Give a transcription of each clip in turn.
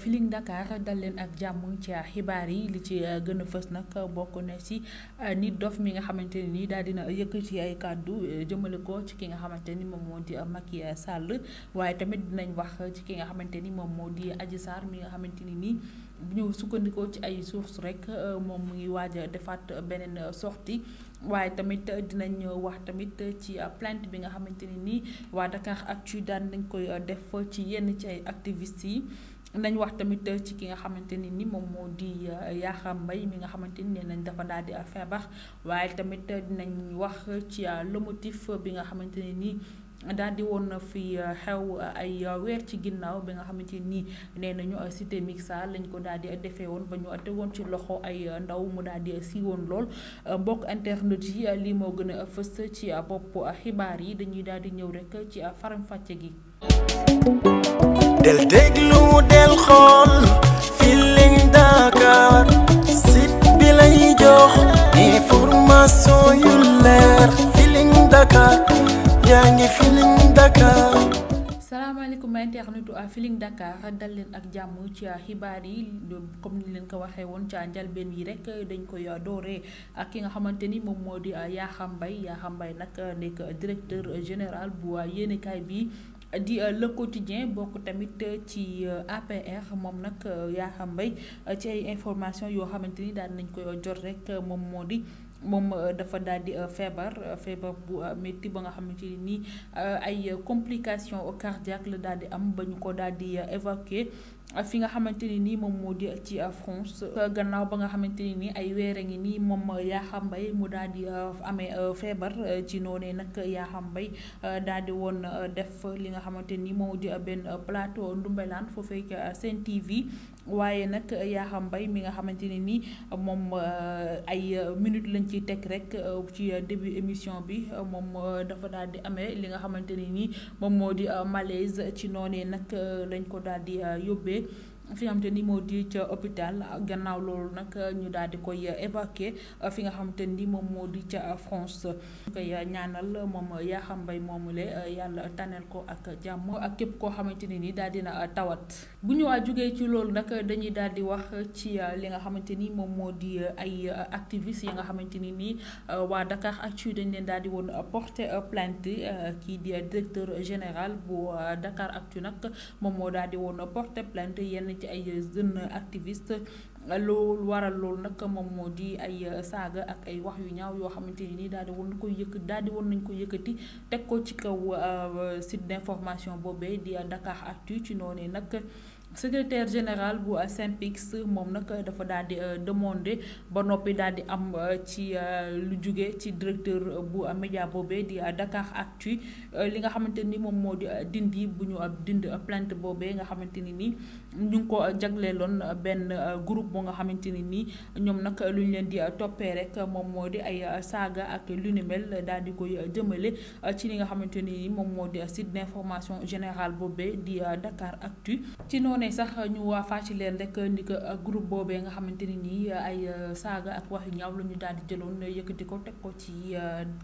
Feeling Dakar dal leen ak jàmm ci xibaar yi li ci euh, gën a fës nag bokk na si euh, nit dof mi nga xamante ne nii daal dina yëkk ci ay kàddu euh, jëmale ko ci ki nga xamante ni moom moo di Macky Sall waaye tamit dinañ wax ci ki nga xamante ni moom moo di Adji Sarr mi nga xamante ni nii bu ñu sukkandikoo ci ay sources rek moom mu ngi waaj a defaat beneen sortie waaye tamit dinañ wax tamit ci plainte bi nga xamante ne nii waa Dakar ci daan nañ koy def ci yenn ci ay activistes yi nañu wax tamit ci ki nga xamante ne ni moom moo di euh, Yaxam mbay mi nga xamante ni nee nañ dafa daal di feebar waaye tamit dinañ wax ci euh, le motif bi nga xamante ne nii daal di woon fi euh, xew ay weer ci ginnaaw bi nga xamante ni nee nañu cité mixa lañ ko daal di defee woon ba ñu ate woon ci loxo ay ndaw mu daal di siiwoon lool mbokk internet yi lii moo gën a fës ci bopp xibaar yi dañuy daal di ñëw rek ci faram-fàcce gi. del déglu del xool Feeling Dakar site bi lay jox information yu leer Feeling Dakar yaa ngi Feeling Dakar salaamaaleykum internetu à Feeling Dakar dal leen ak jàmm ci xibaar yi comme ni leen ko waxee woon ca njalbeen yi rek dañ koy dooree ak ki nga xamante ni moom moo di Yakham Mbaye Yakham Mbaye nag nekk directeur général bu yéenekaay bi di euh, le quotidien bokk tamit euh, ci euh, APR moom nag Yakhya Mbaye ci ay information yoo xamante ni daal nañ ko jot rek moom moo di moom dafa daal di feebar feebar bu metti ba nga xamante ni nii ay complications cardiaques la daal di am ba ñu ko daal di évacuer fi nga xamante ni nii moom moo di ci euh, France euh, gannaaw ba nga xamante ni nii ay weer a ngi nii moom Yakhya Mbaye mu daal di euh, amee feebar ci noonee nag Yakhya mbay daal di woon def li nga xamante ni moo di benn plateau Ndumbelaan foofee ca Sen TV waaye nag yaaxam mbay mi nga xamante ne ni moom euh, ay minute lañ ciy teg rek euh, ci début émission bi moom euh, dafa daal di amee li nga xamante ne ni moom moo di malaise ci noonee nag lañ ko daal di yóbbee. fi nga xamante ni moo di ca hôpital gannaaw loolu nag ñu daal di koy évacuer fi nga xamante ni moom moo di ca France ñaanal moom Yakham Mbaye moomule yàlla tànneel ko ak jàmm ak képp koo xamante ne ni daal dina tawat bu ñu jugee ci loolu nag dañuy daal di wax ci li nga xamante ni moom moo di ay activistes yi nga xamante ni nii waa Dakar Actu dañ leen daal di woon porter plainte kii di directeur général bu Dakar nag moom moo daal di woon porter plainte yenn ci ay jeunes activistes loolu waral loolu nag moom moo di ay saaga ak ay wax yu ñaaw yoo xamante ni nii daal di woon koy yëkk daal di woon nañ ko yëkkati teg ko ci kaw euh, site d'information boobee di Dakaractu ci noonu nag. secrétaire général bu SYNPICS moom nag dafa daal di euh, demandé ba noppi daal di am euh, ci lu juge ci directeur bu média boobee di Dakaractu li nga xamante ni moom moo di dindi bu ñu ab dindi plainte boobee nga xamante ni nii ñu ngi ko jagleeloon benn euh, groupe bu nga xamante ni nii ñoom nag lu ñu leen di euh, toppee rek moom moo di ay euh, saaga ak lu ni daal di koy jëmale ci li nga xamante ni moom moo di site d'information générale boobee di Dakar Actu ci noonee sax ñu fàcci leen rek ni que groupe boobee nga xamante ni nii ay saaga ak wax yu ñaaw la ñu daal di jëloon yëkkati ko teg ko ci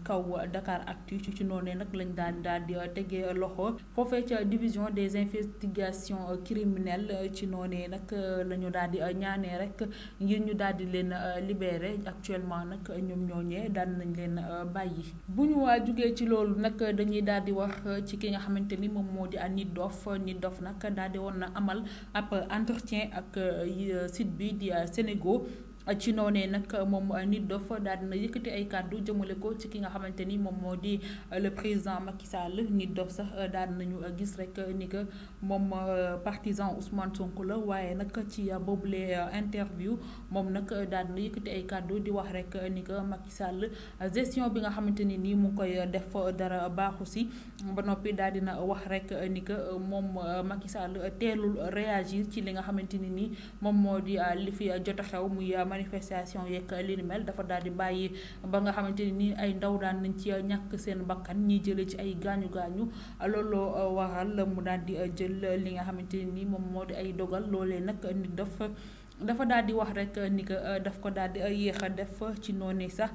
kaw Dakar Actu ci noonee nag lañ daal daal di tegee loxo foofee ca division des investigations criminelles ci noonee nag euh, la ñu daal di euh, ñaanee rek ngir ñu daal di leen euh, libéré actuellement nag ñoom ñooñee daal nañ leen bàyyi. bu ñu waa jógee ci loolu nag dañuy daal di wax ci ki nga xamante ni moom moo di Nit Doff Nit Doff nag daal di woon na amal ab entretien ak site bi di Sénégo. ci noonee nag moom nit dof daal dina yëkkati ay kàddu jëmale ko ci ki nga xamante ni moom moo di le président Macky Sall nit dof sax daal nañu gis rek ni que moom euh, partisan Ousmane Sonko la waaye nag ci boobule euh, interview moom nag daal dina yëkkati ay kàddu di wax rek ni que Macky Sall gestion bi nga xamante ni nii mu koy def dara baaxu si ba noppi daal dina wax rek ni que moom euh, Macky Sall teelul réagir ci li nga xamante ni nii moom moo di li fi jot a xew muy. manifestation yeeg li ni mel dafa dal di bàyyi ba nga xamante nii ay ndaw daan nañ ci ñàkk seen bakkan ñi jëlee ci ay gaañu gaañu looloo waral mu daal di jël li nga xamante ni moom moo di ay dogal loolee nag nit dafa dafa daal di wax rek ni que euh, daf ko daal di euh, yéex a def ci noonu sax.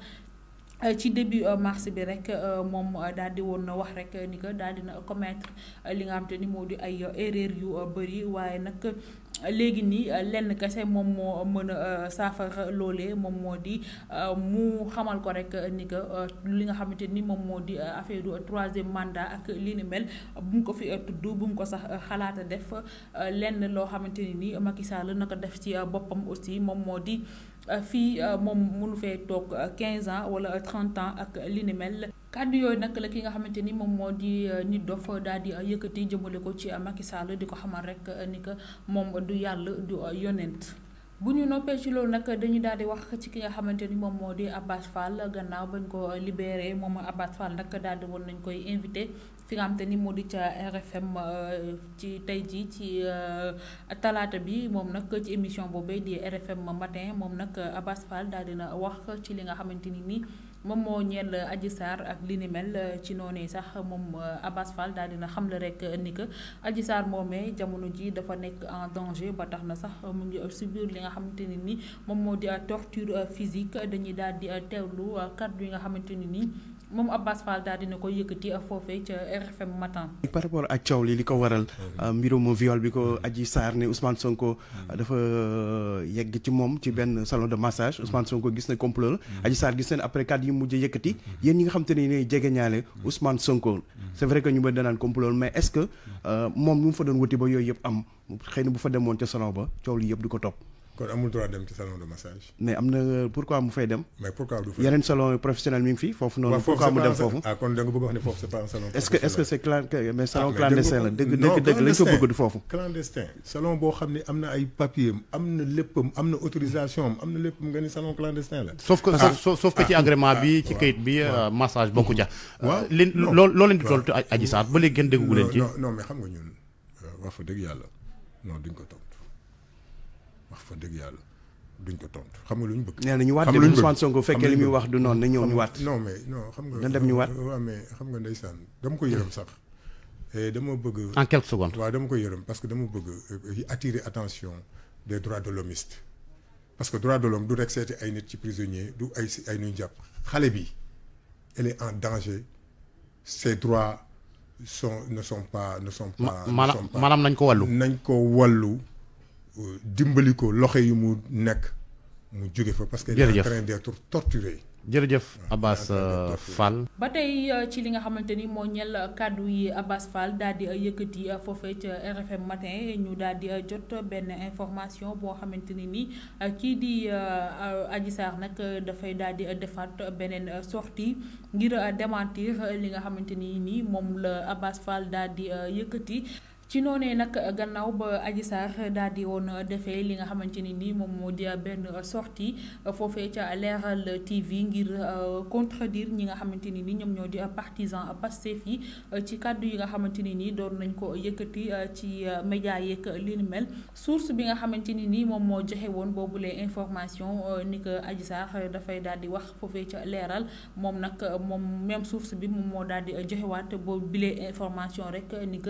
Euh, ci début mars bi rek moom daal di woon na wax rek ni que daal dina commettre li nga xamante ni moo di ay erreur yu bëri waaye nag léegi nii lenn kese moom moo mën a euh, saafara loole moom moo di euh, mu xamal ko rek euh, ni que li nga xamante ni moom moo di affaire du troisième mandat ak li ni bu mu ko fi tudd bu mu ko sax xalaata def lenn loo xamante ni nii Macky na ko def ci boppam aussi moom moo di fii moom munu fee toog quinze ans wala 30 ans ak li kàddu yooyu nag la ki nga xamante ni moom moo di euh, nit dof daal di euh, yëkkati jëmale ko ci euh, Macky Sall di ko xamal rek ni que moom du yàlla du yonent bu ñu noppee ci loolu nag dañu daal di wax ci ki nga xamante ni moom moo di Abass Fall gannaaw bañ ko libéré moom Abass Fall nag daal di woon nañ koy invité fi nga xamante ni moo di ca RFM ci tey jii ci talaata bi moom nag ci émission boobee di RFM matin moom nag Abass Fall daal na wax ci li nga xamante ni nii. moom moo ñeel Adji ak li ni mel euh, ci noonu sax moom euh, Abass Fall daal dina xam la rek euh, ni que Adji Sarr moomee jamono ji dafa nekk en danger ba tax na sax mu ngi biir li nga xamante ne ni moom moo di torture physique dañuy daal di teewlu kàddu yi nga xamante ne ni. moom Abbas Fall daal dina koy yëkkati foofee ca RFM matin. par rapport ak coow li li ko waral mhm. euh, mbirum viol bi ko aji Sarr ne Ousmane Sonko mhm. dafa euh, yegg ci moom ci benn salon de massage Ousmane Sonko gis ne complot la mhm. aji Sarr gis na après kàddu yi mujj yëkkati yéen ñi nga xam te ne ne jege ñaale Ousmane Sonko c'est vrai que ñu bëri danaan complot mais est que euh, moom lu mu fa doon wuti ba yooyu yëpp am xëy na bu fa demoon ca salon ba coow li yëpp di ko topp. kon amul droit dem ci salon de massage. mais am na euh, pourquoi mu fay dem. mais pourquoi du fay yeneen salon professionnel mi ngi fi foofu noonu. pourquoi mu dem foofu ah kon da nga bëgg wax ne foofu c'est pas un salon. est-ce que est-ce que c'est clan mais ah, salon clandestin la. dëgg dëgg dëgg lañ ko bëgg du foofu. clandestin salon boo xam ne am na ay papiers am na léppam am na autorisation am am na léppam nga ni salon clandestin la. sauf que ah, sauf que ci ah, agrément bi ci kayit bi euh, massage bokku ja. waaw euh, li loo loo leen di toll Adji Sarr ba léegi gën déggu leen ci. non non mais xam nga ñun wax fa dëgg yàlla non duñ ko topp wax fa dëgg yàlla duñ ko tontu xam nga lu ñu bëgg. xam nga ñu bëgg nee nañu waat Ousmane Sonko bu fekkee li muy wax du na ñëw ñu waat. non mais non xam nga. na ñu waat waaw mais xam nga ndeysaan dama ko yërëm sax. Eh, dama bëgg. en quelques secondes waaw dama ko yërëm parce que dama bëgg euh, attirer attention des droits de l'homiste parce que droit de l'homme du rek seeti ay nit ci prisonnier du ay ay nuy jàpp xale bi elle est en danger ses droits sont ne sont pas ne sont pas. maanaam nañ ko wàllu nañ ko wàllu. dimbali ko loxo yi mu nekk mu jóge fa parce que. jërëjëf il est en train d'être euh, ba tey euh, ci li nga xamante ni moo ñel kàddu yi Abass Fall daal di euh, yëkkati foofee ca RFM matin ñu daal di jot benn information boo xamante ni nii kii di Adji Sarr nag dafay daal di defaat beneen sortie ngir démentir li nga xamante ni nii moom la Abass Fall daal di yëkkati. ci noonee nag gannaaw ba Adji Sarr daal di woon defee li nga xamante ne ni moom moo di benn sorti foofee ca Leral TV ngir contre euh, contredire ñi nga xamante ne ni ñoom ñoo di partisan Pastef fii ci kàddu yi nga xamante ne ni doon nañ ko yëkkati ci média yeeg li ni mel source bi nga xamante ne ni moom moo joxe woon boobule information euh, ni que Adji Sarr dafay daal di wax foofee ca leeral moom nag moom même source bi moom moo daal di joxewaat boobu bile information rek ni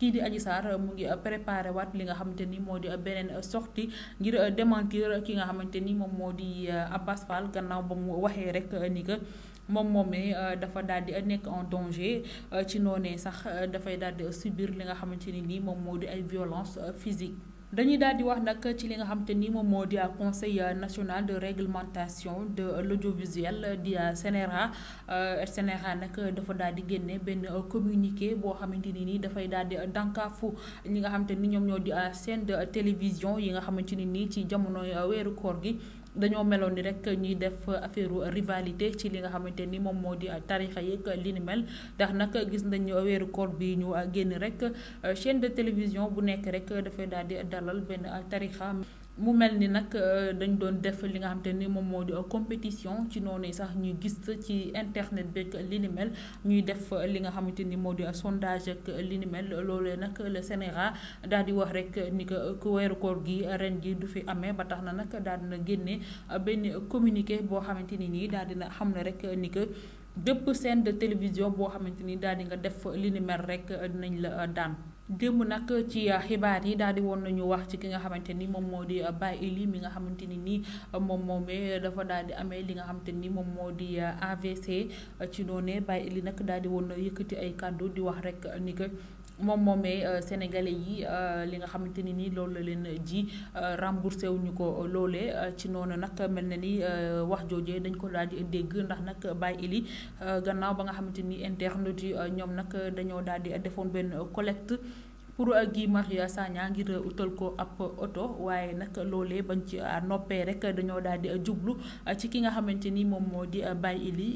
kii di Adji Sarr mu ngi euh, préparé waat li nga xamante ni moo di euh, beneen euh, sortie ngir démentir ki nga xamante ni moom moo di Abbas Fall gannaaw ba mu waxee rek ni que moom moomee dafa daal di a nekk en danger ci noonee sax dafay daal di subir li nga xamante ni moom moo di ay violence physique dañuy daal di wax nag ci li nga xam te ni moom moo di conseil national de réglementation de l'audiovisuel di CNRA CNRA euh, nag dafa daal di génne benn communiqué boo xamante ni nii dafay daal di dànkaafu ñi nga xam te ni ñoom ñoo di chaîne de télévision yi nga xamante ni nii ci jamono weeru koor gi. dañoo meloon ni rek ñuy def affaire rivalité ci li nga xamante ni moom moo di tarixa yeeg li ni mel ndax nag gis nañ weeru koor bi ñu génn rek chaine de télévision bu nekk rek dafay daal di dalal benn tarixa mu mel ni nag euh, dañ doon def li nga xam ni moom moo di euh, compétition ci noonu sax ñuy gis ci internet beeg li ni ñuy def euh, li nga xamante ni moo di sondage ak li ni mel loolee nag le CNRA daal di wax rek ni que ku weeru koor gi ren gi du fi amee ba tax na nag daal dina génne benn communiqué boo xamante ni nii daal dina xam ne rek ni que dëpp seen de télévision boo xamante ni daal di nga def li rek dinañ la daan. démb nag ci uh, xibaar yi daal di woon nañu wax ci ki nga xamante ni moom moo di uh, Baye Ely mi nga xamante ni nii uh, moom moomee dafa daal di amee li nga xamante ni moom moo di AVC ci noonee Baye Ely nag daal di woon yëkkati ay kàddu di wax rek ni que. moom moomee euh, sénégalais yi euh, li nga xamante ni nii loolu la leen ji euh, remboursé wuñu ko loole ci noonu nag mel na ni wax joojee dañ ko daal dégg ndax nag Baye Ely gannaaw ba nga xamante ni internautes yi ñoom nag dañoo daal di defoon benn collecte pour euh, Guy Marius Sagna ngir euh, utal ko ab oto waaye nag loolee bañ ci euh, noppee rek dañoo daal di jublu ci ki nga xamante ni moom moo di Baye Ili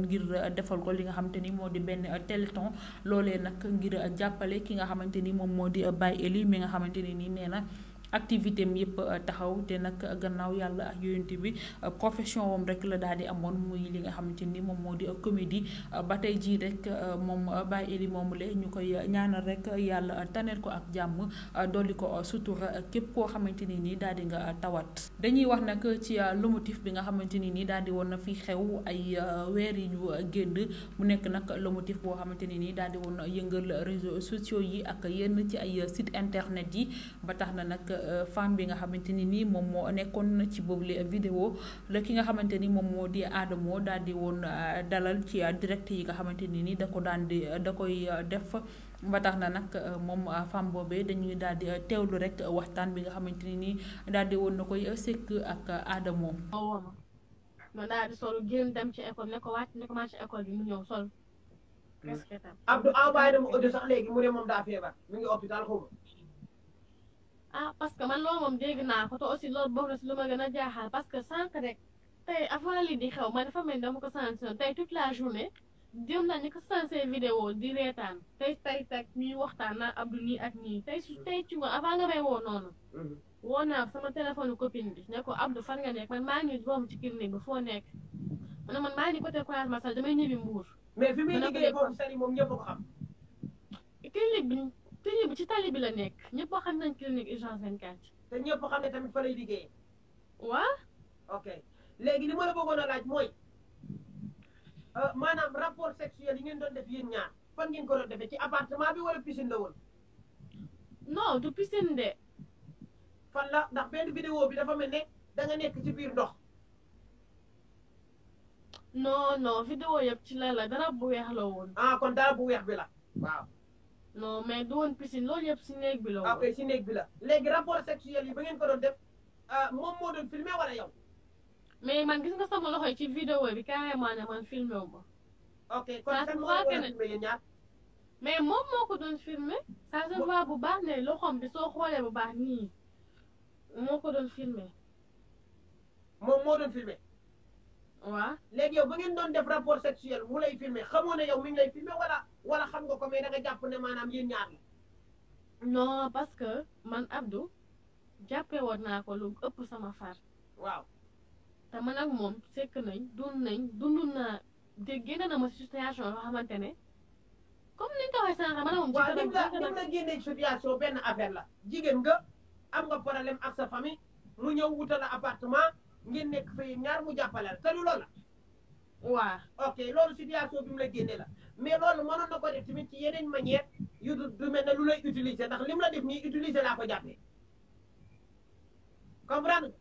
ngir defal ko li nga xamante ni moo di benn téléton loole nag ngir jàppale ki nga xamante ni moom moo di Baye Ili mi nga xamante ni nii nee na activité am yëpp euh, taxaw te nag euh, gannaaw yàlla ak yoonte bi euh, profession wam rek la daal di amoon muy li nga xamante ni moom moo di comédie ba tey jii rek moom Baye Ely moom le ñu koy ñaanal rek yàlla taneel ko ak jàmm dolli ko sutura képp koo xamante ni nii daal di nga tawat dañuy wax nag ci lomotif bi nga xamante ni nii daal di woon na fi xew ay weer yi ñu génn mu nekk nag lomotif boo xamante ni nii daal di woon yëngal réseaux sociaux yi ak yenn ci ay site internet yi Euh, femme bi nga xamante ni nii moom moo nekkoon ci boobule vidéo la ki nga xamante ni moom moo di Adamo daal di woon euh, dalal ci direct yi nga xamante ni nii da ko daan di euh, da koy def. ba tax na nag moom femme boobee dañuy daal di teewlu rek waxtaan bi nga xamante ni nii daal di woon na koy sëkk ak Adamo. woo ma ma daal di sol génn dem ci école ne ko wàcc ne ko hmm. moom daa feebar mi ngi hôpital xaw ah parce que man loolu moom dégg naa ko te aussi loolu bokk na si lu ma gën a jaaxal parce que rek tey avant di xew ma dafa mel ni dama ko sensibiliser tey toute la journée jëm nañu ko sensé di reetaan tey tey tey ñuy waxtaan naa Abdou nii ak nii tey su tey ci nga avant nga may woo noonu. Mhm. woo naa sama téléphone copine bi ne ko Abdou fan nga nekk man maa ngi doom ci clinique bi foo nekk man man maa ngi côté Croix Massal damay ñibbi Mbour. mais fi muy liggéeyee moom sali moom ñëpp ko xam. clinique bi. clinique bi ci tali bi la nekk ñëpp xam nañ clinique urgence 24. te ñëpp xam ne tamit fa lay liggéeyee. waa ok léegi li ma la a laaj mooy euh, maanaam rapport sexuel yi ngeen doon def yéen ñaar fan ngeen ko doon defee ci appartement bi wala piscine la woon. non du piscine de. fan la ndax benn vidéo bi dafa mel ne da nekk ci biir ndox. no non vidéo yëpp ci la la dara bu weex la woon. ah kon dara bu weex bi la waaw. non mais du woon piscine loolu yëpp si néeg bi la woon. Ah, si néeg bi la léegi rapport sexuel yi ba ngeen ko doon def ah, moom moo doon filmé wala yow. mais man gis nga sama loxo yi ci vidéo bi carrément ne man filmé wu ma. ok kon sax moo waroon ñaar mais moom moo ko doon filmé. ça se voit bu baax ne loxoom bi soo xoolee bu baax nii moo ko doon filmé. moom moo doon filmé. waaw léegi yow ba ngeen doon def rapport sexuel mu lay filmer xamoo ne yow wi ngi lay filmer wala wala xam nga ko mais da nga jàpp ne maanaam yéen ñaar la. non parce que man Abdou jàppee woon naa ko lu ëpp sama far. waaw te man ak moom sekk nañ dund nañ dundu naa de génne na ma situation yoo xamante ne comme ni nga ko waxee sànq man moom. waaw ni mu la situation benn affaire la. jigéen nga am nga problème ak sa famille mu ñëw wutal appartement. ngin nekk fa yéen ñaar mu jàppale la te du loolu la. waaw ok loolu la génne la mais loolu mënoon na ko def tamit ci yeneen manière yu du mel ne lu lay utiliser ndax lim la def nii utiliser laa ko jàppee comprendre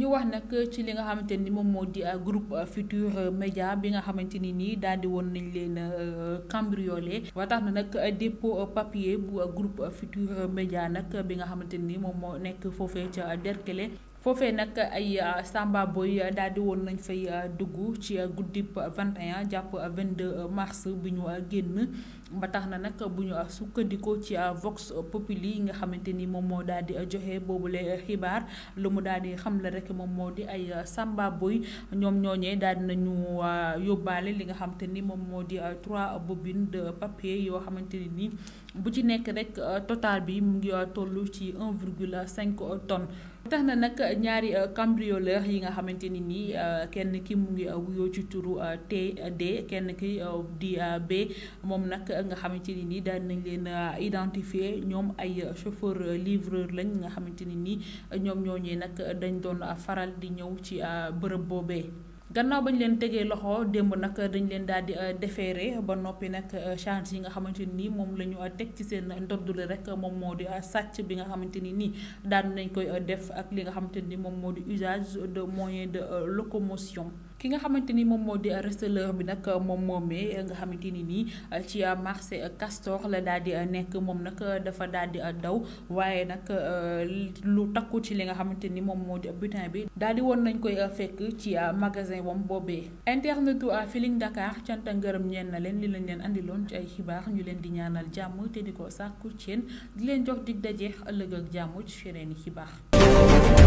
ñu wax nag ci li nga xamante ni moom moo di euh, groupe euh, future Média bi nga xamante ni nii daal di woon nañ leen euh, cambriolé ba tax na nag dépôt papier bu groupe Futur Média nag bi nga xamante ni moom moo nekk foofee ca Derkele foofee nag ay Samba Boy daal di woon nañ fay dugg ci guddib 21 jàpp 22 mars bi ñu génn. ba tax na nag bu ñu ah, sukkandikoo ci ah, Vox Populi yi nga xamante ni moom moo daal di joxe boobule xibaar lu mu daal di xam la rek moom moo di ay ah, Samba Boy ñoom ñooñee daal di nañu yóbbaale li nga xamante ni moom moo di trois bobines de papier yoo xamante ni. bu ci nekk rek euh, total bi mu ngi euh, toll ci 1,5 tonnes. tax na nag ñaari euh, cambrioleur yi nga xamante ni nii kenn ki mu ngi wuyoo ci turu TD kenn ki di B moom nag nga xamante ni nii daal nañ leen identifier ñoom ay chauffeur livreur lañ nga xamante ni nii ñoom ñooñee nag dañ doon faral di ñëw ci bërëb boobee. gannaaw ba ñu leen tegee loxo démb nag dañu leen daal di euh, defeere ba noppi nag euh, charge yi nga xamante ni moom la ñu euh, teg ci seen ndoddule rek moom moo di sàcc bi nga xamante ni nii daan nañ koy def ak li nga xamante ni moom moo di usage de moyen de locomotion li nga xamante ni moom moo di resteleur bi nag moom moomee nga xamante ni nii ci marché Castor la daal di nekk moom nag dafa daal di daw waaye nag euh, lu takku ci li nga xamante ni moom moo di butin bi daal di woon nañ koy fekk ci a magasin moom boobee internetu Feeling Dakar cant ngërëm ñeen na leen li lañ leen andiloon ci ay xibaar ñu leen di ñaanal jàmm te di ko sàkku ci di leen jox dig daje ëllëg ak jàmm ci yeneen xibaar